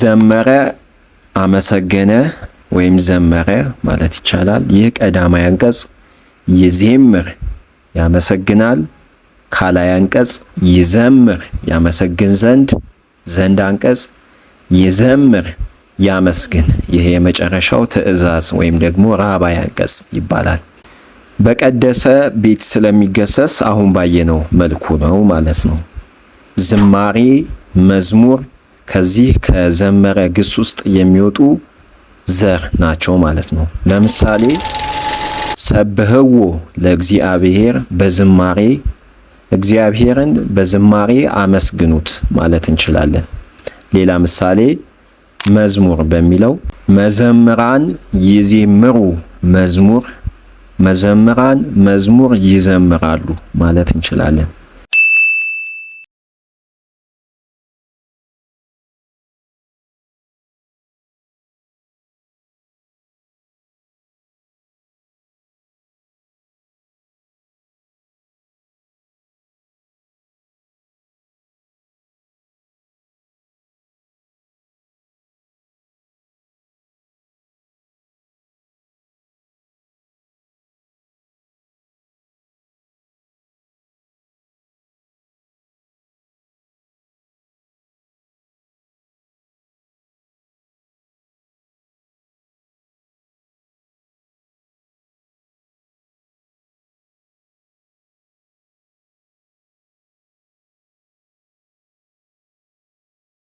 ዘመረ አመሰገነ ወይም ዘመረ ማለት ይቻላል። ይህ ቀዳማይ አንቀጽ ይዜምር ያመሰግናል። ካላይ አንቀጽ ይዘምር ያመሰግን ዘንድ፣ ዘንድ አንቀጽ ይዘምር ያመስግን። ይህ የመጨረሻው ትዕዛዝ ወይም ደግሞ ራባይ አንቀጽ ይባላል። በቀደሰ ቤት ስለሚገሰስ አሁን ባየነው መልኩ ነው ማለት ነው። ዝማሬ መዝሙር ከዚህ ከዘመረ ግስ ውስጥ የሚወጡ ዘር ናቸው ማለት ነው። ለምሳሌ ሰብህዎ ለእግዚአብሔር በዝማሬ እግዚአብሔርን በዝማሬ አመስግኑት ማለት እንችላለን። ሌላ ምሳሌ መዝሙር በሚለው መዘምራን ይዜምሩ መዝሙር መዘምራን መዝሙር ይዘምራሉ ማለት እንችላለን።